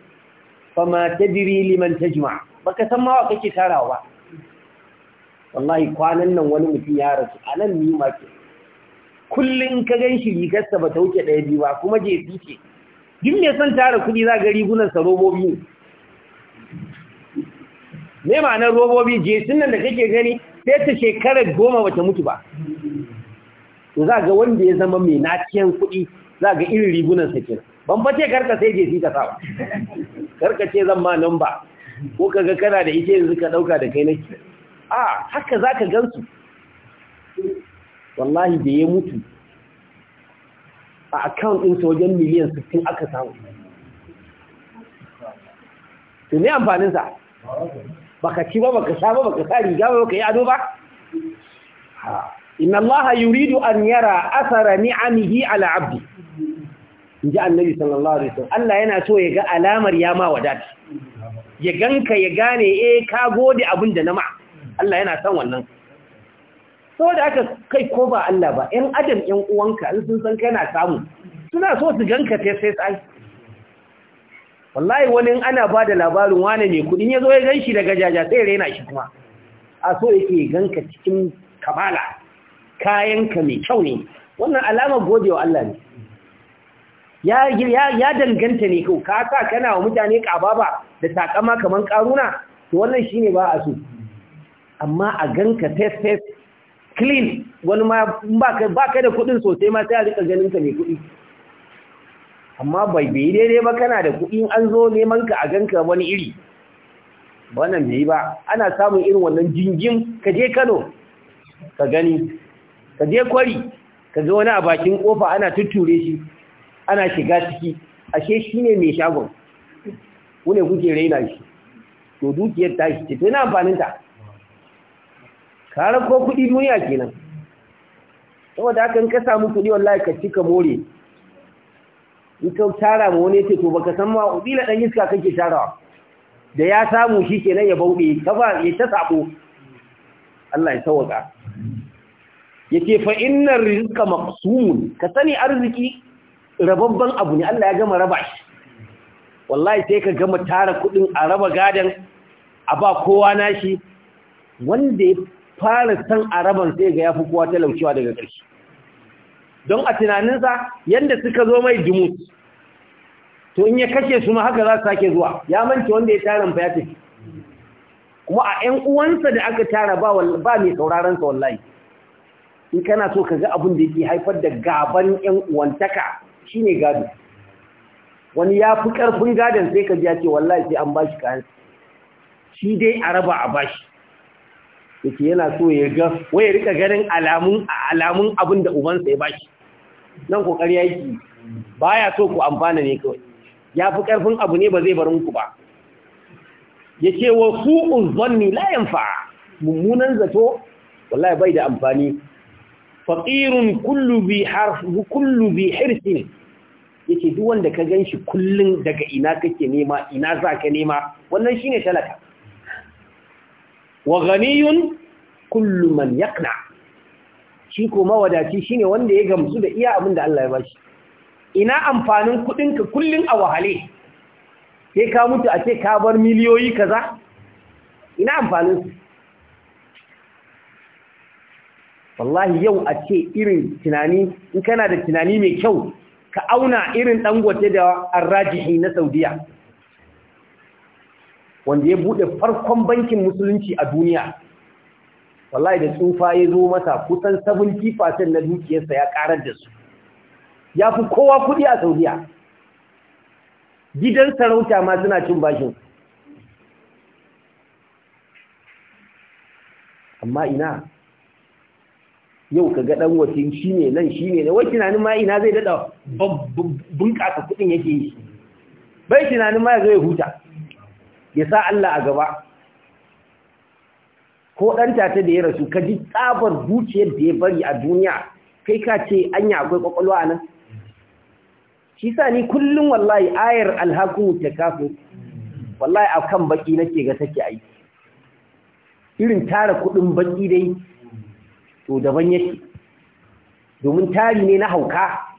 fama tadri liman tajma' baka san ma wa kake tarawa wallahi kwanan nan wani mutum ya rasu anan ni ma ke kullum ka gan shi rigarsa ba ta wuce ɗaya biyu ba kuma jefi ce duk mai son tara kuɗi za ga rigunansa robobi ne me ma'anar robobi jesin nan da kake gani sai ta shekarar goma bata mutu ba to za ga wanda ya zama mai naciyan kuɗi za ga irin rigunansa ke? ban fa ce karka sai jesi ka sa karka ce zan ma nan ba ko kaga kana da ita yanzu ka ɗauka da kai nake a haka za ka gansu wallahi da ya mutu a account ɗinsa wajen miliyan 60 aka samu to ne amfaninsa baka ci ba baka sha ba baka sa riga ba baka yi ado ba inna Allah yuridu an yara asara ni'amihi ala abdi inji annabi sallallahu alaihi wasallam Allah yana so ya ga alamar ya ma wadati ya ganka ya gane eh ka gode abin da na ma Allah yana son wannan saboda aka kai ko ba Allah ba ‘yan adam ‘yan uwanka in sun san kana samu suna so su ganka sai sai wallahi wani ana ba da labarin wane mai kudin ya zo ya gan shi daga jaja sai rena shi kuma a so yake ganka cikin kamala kayanka mai kyau ne wannan alamar wa Allah ne ya danganta ne kau ka sa kana wa mutane ba da takama kamar karuna to wannan shine ba a so amma a ganka test test clean wani ma ba ka da kudin sosai ma sai a rika ganin ka mai kudi amma bai bai daidai ba kana da kudi an zo neman ka a ganka wani iri wannan bai ba ana samun irin wannan jingin ka je Kano ka gani ka je kwari ka zo wani a bakin kofa ana tutture shi ana shiga ciki ashe shine mai shagon wune kuke raina shi to dukiyar tashi ce tana amfanin ta Kare ko kuɗi duniya kenan saboda haka in ka samu kuɗi wallahi ka cika more in ka tara ma wani ce to baka san ma ubila dan iska kake tarawa da ya samu shi kenan ya bauɗe ba ya ta sabo Allah ya sauka yake fa innar rizqa maqsumun ka sani arziki rababban abu ne Allah ya gama raba shi wallahi sai ka gama tara kudin a raba gadan a ba kowa nashi wanda fara san araban sai ga yafi kowa talaucewa daga ƙarshe don a tunaninsa yadda suka zo mai dumut to in ya kashe su ma haka za su sake zuwa ya mance wanda ya tarin fa ya tafi kuma a ƴan uwansa da aka tara ba mai sauraron sa wallahi in kana so ka ga abin da yake haifar da gaban 'yan uwantaka shine gado wani ya fi ƙarfin gadon sai ka ji ya ce wallahi sai an bashi kayan shi dai a raba a bashi yake yana so ya ga wai ya rika ganin alamun alamun abin da ubansa ya bashi nan kokari yake baya so ku amfana ne kawai ya fi karfin abu ne ba zai barin ku ba yake wa su uzanni la yanfa mummunan zato wallahi bai da amfani faqirun kullu bi harf kullu bi hirsin yake duk wanda ka ganshi kullun daga ina kake nema ina zaka nema wannan shine talaka wa ganiyun kullu man yaqna shi ko mawadaci shine wanda ya gamsu da iya abin da Allah ya bashi ina amfanin kudinka kullun a wahale sai ka mutu a ce ka bar miliyoyi kaza ina amfanin wallahi yau a ce irin tunani in kana da tunani mai kyau ka auna irin ɗangote da arrajihi na Saudiya wanda ya bude farkon bankin musulunci a duniya wallahi da tsufa ya zo masa kusan 70% na dukiyarsa ya karar da su ya fi kowa kuɗi a saudiya gidan sarauta ma suna cin bashin amma ina yau ka ga ɗan wasin shi ne nan shi ne Da wai tunanin ma ina zai dada bunƙasa kuɗin yake yi bai tunanin ma zai huta ya sa Allah a gaba ko ɗanta ta da ya rasu ka ji tsabar zuciyar da ya bari a duniya kai ka ce anya akwai kwakwalwa a nan shi sa ni kullum wallahi ayar alhakun ta kafin wallahi a kan baki nake ga take aiki irin tara kudin baki dai to daban yake domin tari ne na hauka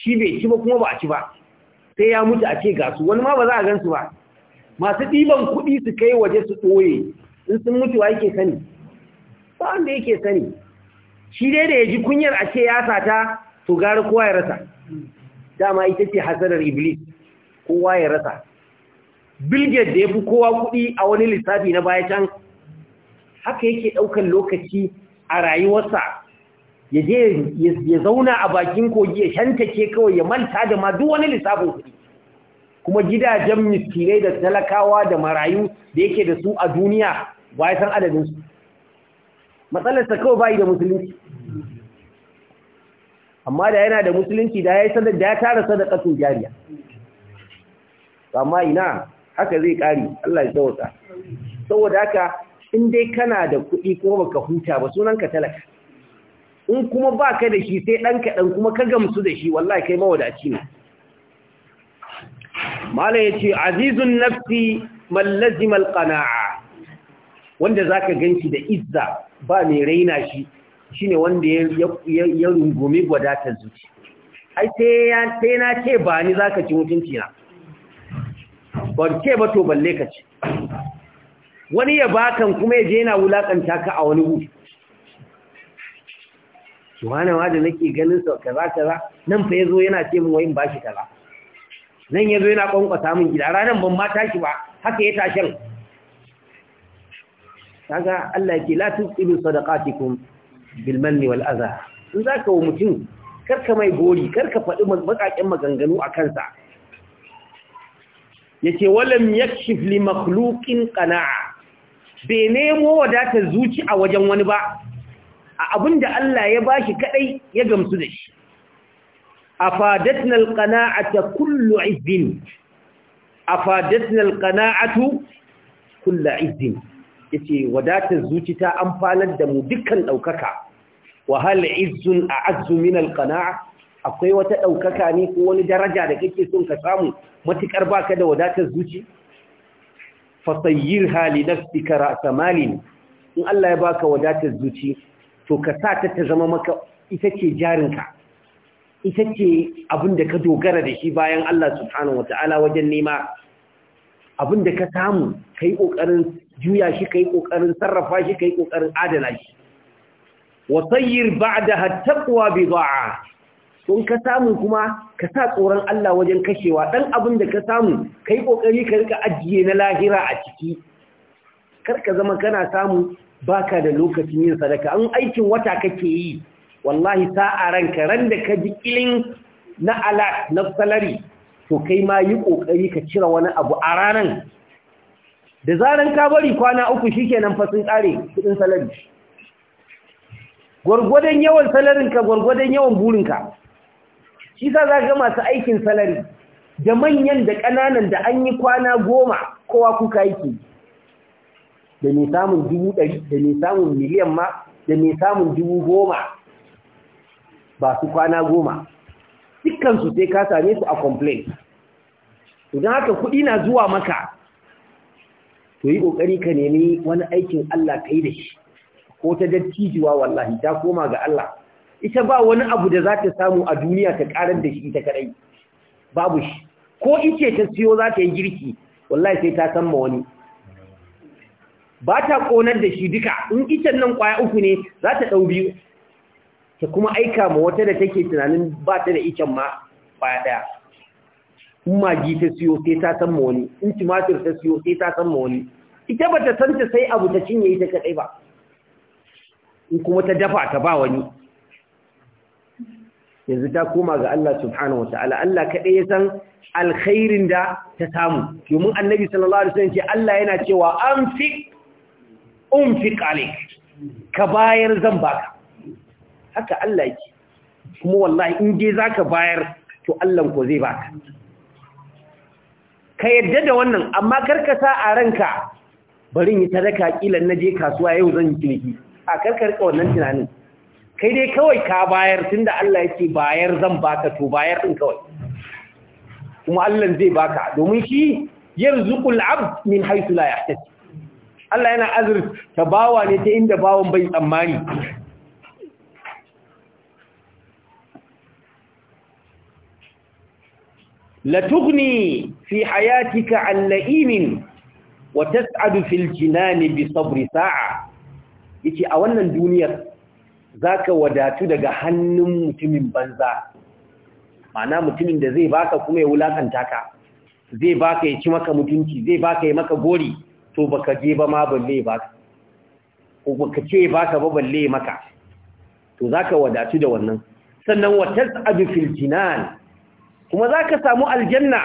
shi bai ci ba kuma ba a ci ba sai ya mutu a ce gasu wani ma ba za a gansu ba masu ɗiban kuɗi su kai waje su ɗoye in sun mutuwa yake sani ba wanda yake sani shi dai da ya ji kunyar a ce ya sata to gari kowa ya rasa dama ita ce hasarar iblis kowa ya rasa bilgiyar da ya fi kowa kuɗi a wani lissafi na baya can haka yake ɗaukar lokaci a rayuwarsa ya zauna a bakin kogi ya shantake kawai ya manta da ma duk wani lissafin kuɗi kuma gidajen miskirai da talakawa da marayu da yake da su a duniya ba ya san adadinsu matsalarsa kawai bayi da musulunci amma da yana da musulunci da ya yi da ya tara sadakatun jariya amma ina haka zai kare Allah ya tsawata saboda haka in dai kana da kuɗi kuma baka huta ba sunan ka talaka in kuma baka da shi sai ɗan kaɗan kuma ka gamsu da shi wallahi kai mawadaci ne Malam ya ce azizun mallazi mallazimal ƙanaa. wanda za zaka ganci da izza ba mai raina shi shi ne wanda ya rungumi gwadatar zuci ai sai na ce ba ni za ka ci mutunci na ba ce ba to balle ka ci wani ya bakan kuma ya je yana wulakanta ka a wani wuri subhanahu da nake ganin sa kaza kaza nan fa ya zo yana ce min wayin bashi kaza nan ya zo yana kwankwasa min gida ranar ban mata shi ba haka ya tashin kaga Allah ya ce la tusilu sadaqatikum bil manni wal adha in zaka wa mutum karka mai gori karka faɗi makakin maganganu a kansa yace walam yakshif li makhluqin qana'a bai nemo wadatar zuci a wajen wani ba a abinda Allah ya bashi kadai ya gamsu da shi afadatna alqana'ata kullu izzin afadatna alqana'atu kullu izzin yace wadatar zuci ta amfanar da mu dukkan ɗaukaka. wa hal a a'azzu min akwai wata ɗaukaka ne ko wani daraja da kake son ka samu matukar baka da wadatar zuci fasayyirha li nafsika ra'sa in Allah ya baka wadatar zuci to ka ta ta zama maka ita ce ka. ita ce abin da ka dogara da shi bayan Allah subhanahu wata'ala wajen nema abin da ka samu ka yi ƙoƙarin juya shi ka yi ƙoƙarin sarrafa shi ka yi ƙoƙarin adana shi wasayyir ba da hattakuwa bi ba'a Kun ka samu kuma ka sa tsoron Allah wajen kashewa ɗan abin da ka samu ka yi ƙoƙari ka rika ajiye na lahira a ciki karka zama kana samu baka da lokacin yin sadaka an aikin wata kake yi wallahi sa'a ranka ran da ka ji kilin na alat na salari to kai ma yi kokari ka cire wani abu a ranan da zaran ka bari kwana uku shikenan fa sun kare kudin salari gwargwadon yawan salarinka gwargwadon yawan burinka shi sa za ga masu aikin salari da manyan da ƙananan da an yi kwana goma kowa kuka yake da mai samun dubu ɗari da mai samun miliyan ma da mai samun dubu goma ba su kwana goma dukkansu sai ka same su a complaint idan haka kuɗi na zuwa maka to yi ƙoƙari ka nemi wani aikin Allah ka yi da shi ko ta dattijuwa wallahi ta koma ga Allah ita ba wani abu da za ta samu a duniya ta ƙarar da shi ita kaɗai babu shi ko ice ta siyo za ta yi girki wallahi sai ta san ma wani ba ta ƙonar da shi duka in icen nan ƙwaya uku ne za ta ɗau biyu ta kuma aika ma wata da take tunanin ba ta da iken ma baya daya in magi ta siyo sai ta san ma wani in timatir ta siyo sai ta san ma wani ita ba ta san ta sai abu ta cinye ita kaɗai ba in kuma ta dafa ta ba wani yanzu ta koma ga Allah subhanahu wataala Allah kadai ya san alkhairin da ta samu domin annabi sallallahu alaihi wasallam ce Allah yana cewa anfiq unfiq alik ka bayar zan baka haka Allah yake kuma wallahi in dai zaka bayar to Allah ko zai baka ka yadda da wannan amma karka sa a ranka barin yi sadaka kilan na je kasuwa yau zan yi ciniki a karkarka wannan tunanin kai dai kawai ka bayar tunda Allah yake bayar zan baka to bayar din kawai kuma Allah zai baka domin shi yarzuqul abd min haythu la yahtasib Allah yana azurta bawa ne ta inda bawan bai tsammani لتغني في حياتك عن لئيم وتسعد في bi بصبر sa'a. yace a wannan duniyar zaka wadatu daga hannun mutumin banza ma'ana mutumin da zai baka kuma ya wulakanta ka zai baka ya ci maka mutunci zai baka ya maka gori to baka je ba ma balle baka ko baka ce baka ba balle maka to zaka wadatu da wannan sannan wa tas'abu fil jinan kuma za ka samu aljanna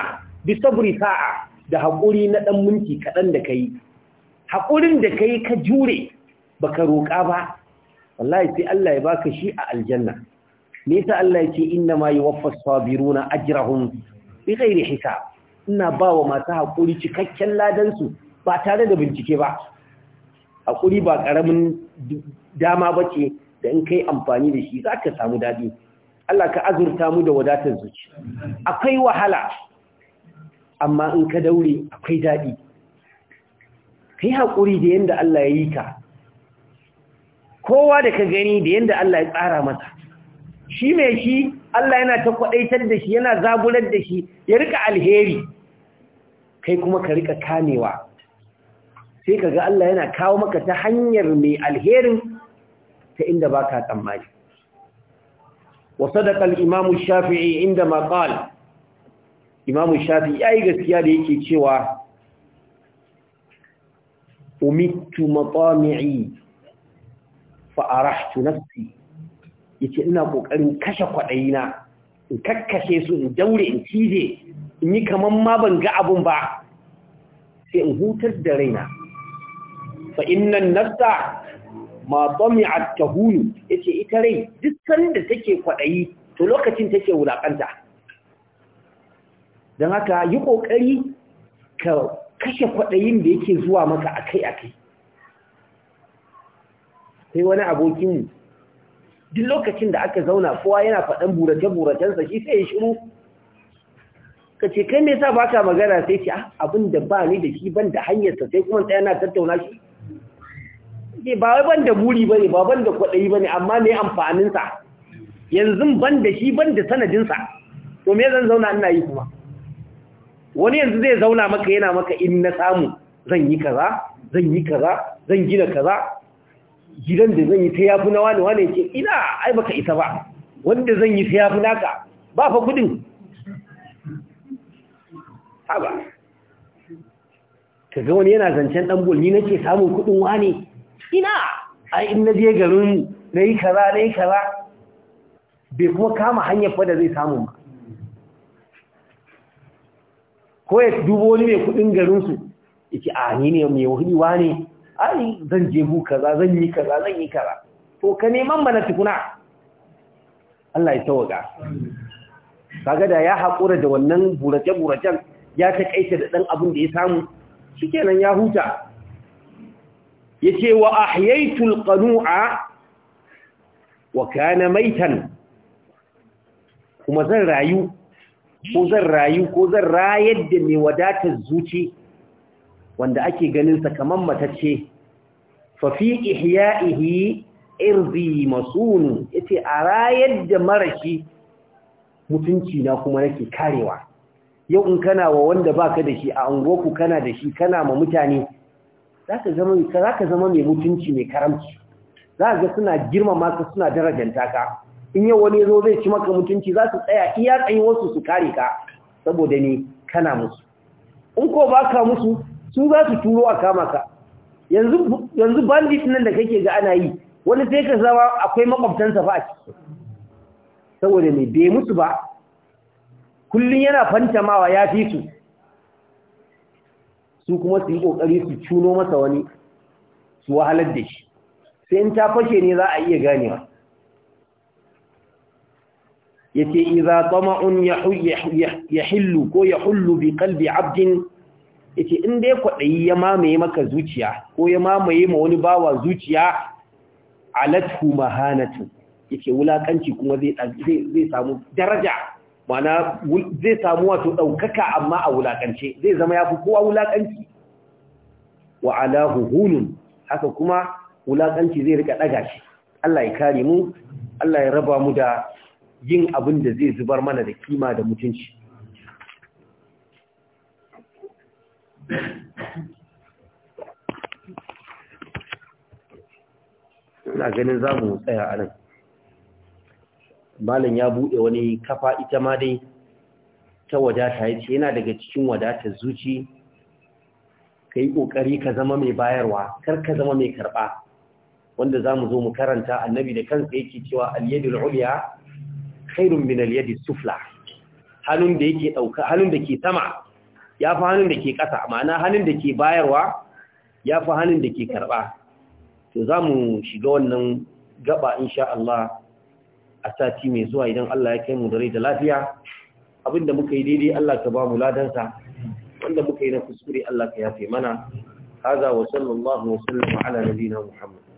bi sabri sa'a da haƙuri na ɗan minti kaɗan da ka yi haƙurin da ka yi ka jure ba ka roƙa ba wallahi sai Allah ya baka shi a aljanna me yasa Allah ya ce inna ma yuwaffa sabiruna ajrahum bi ghairi hisab ina ba wa masu haƙuri cikakken ladan su ba tare da bincike ba haƙuri ba ƙaramin dama bace da in kai amfani da shi zaka samu dadi Allah ka azurta mu da wadatar zuci akwai wahala amma in ka daure akwai daɗi ka yi haƙuri da yadda Allah ya yi ka kowa da ka gani da yadda Allah ya tsara masa shi mai shi Allah yana ta kwaɗaitar da shi yana zaburar da shi ya rika alheri kai kuma ka rika kamewa sai ka ga Allah yana kawo maka ta hanyar mai alherin ta inda baka ka tsammani وصدق الإمام الشافعي عندما قال إمام الشافعي da yake cewa تشوى أمت مطامعي فأرحت yace ina kokarin kashe kwadaina in kakkashe su in daure in cije in yi kaman ma ban ga abun ba sai in hutar da raina fa innan nafsa ma dami'at tahunu yace ita rai duk sanda take kwadayi to lokacin take wulakanta dan haka yi kokari ka kashe kwaɗayin da yake zuwa maka akai-akai sai wani abokin duk lokacin da aka zauna kowa yana faɗan burace-buracensa shi sai ya shiru ka ce kai me yasa baka magana sai ce ah, abin da ba ni da shi ban da hanyarsa sai kuma tsaya na tattauna shi Eh, ba wai ban da buri bane ba ban da kwaɗayi bane amma me amfaninsa yanzu ban da shi ban da sanadinsa to me zan zauna ina yi kuma wani yanzu zai zauna maka yana maka in na samu zan yi kaza zan yi kaza zan gina kaza gidan da zan yi ta yafi na wani wani ce ina ai baka isa ba wanda zan yi ta yafi naka ba fa kudin haba kaga wani yana zancen dan bol ni nake samun kudin wani ina ai in na je garin na yi kaza na yi kaza bai kuma kama hanyar fada zai samu ba ko ya dubo wani mai kudin garinsu yake a ah, ni ne mai wahiliwa ne ai zan je mu kaza zan yi kaza zan yi kaza to ka neman mana tukuna Allah ya tawaga kaga da ya haƙura da wannan burace-buracen ya ta kaita da ɗan abin da ya samu shi kenan ya huta yace wa ahyaytu ƙanu'a wa kana maitan kuma zan rayu ko zan rayu ko zan rayar da mai wadatar zuci wanda ake ganin sa kaman matacce fa fi ihya'ihi irzi masunu yace a rayar da marashi mutunci na kuma nake karewa yau in kana wa wanda baka da shi a angoku kana dashi kana ma mutane za ka zama mai mutunci mai karamci za ga suna girmama ka suna darajanta ka in yau wani zo zai ci maka mutunci za su tsaya iya tsayi wasu su kare ka saboda ne kana musu in ko ba ka musu su za su turo a kama ka yanzu bandit nan da kake ga ana yi wani sai ka zama akwai makwabtansa ba a ciki saboda ne bai musu ba kullum yana fantamawa ya fi su su kuma su yi kokari su cuno masa wani su wahalar da shi sai in ta fashe ne za a iya ganewa ta ma'un ya hillu ko ya hullu bi kalbi 'abdin ce in dai kwaɗayi ya mamaye maka zuciya ko ya mamaye ma wani bawa zuciya alathu mahanatu ce wulaƙanci kuma zai samu daraja mana zai samu wato ɗaukaka amma a wulaƙance zai zama ya fi kowa wulaƙanci wa alahu hunun haka kuma wulaƙanci zai rika ɗaga shi Allah ya kare mu Allah ya raba mu da yin abin da zai zubar mana da kima da mutunci ina ganin za mu tsaya a nan malam ya bude wani kafa ita ma dai ta wadata ya ce yana daga cikin wadata zuci ka yi ƙoƙari ka zama mai bayarwa kar ka zama mai karɓa wanda za mu zo mu karanta annabi da kansa yake cewa al-yadul ulya khairun min al sufla hannun da yake dauka hannun da ke sama yafi hannun da ke ƙasa ma'ana hannun da ke bayarwa yafi hannun da ke karba to zamu shiga wannan gaba insha Allah a sati mai zuwa idan Allah ya kai mu da rai da lafiya abinda muka yi daidai Allah ka ba mu ladansa wanda muka yi na kuskure Allah ka yafe mana wa وصلى الله وسلم na نبينا muhammad.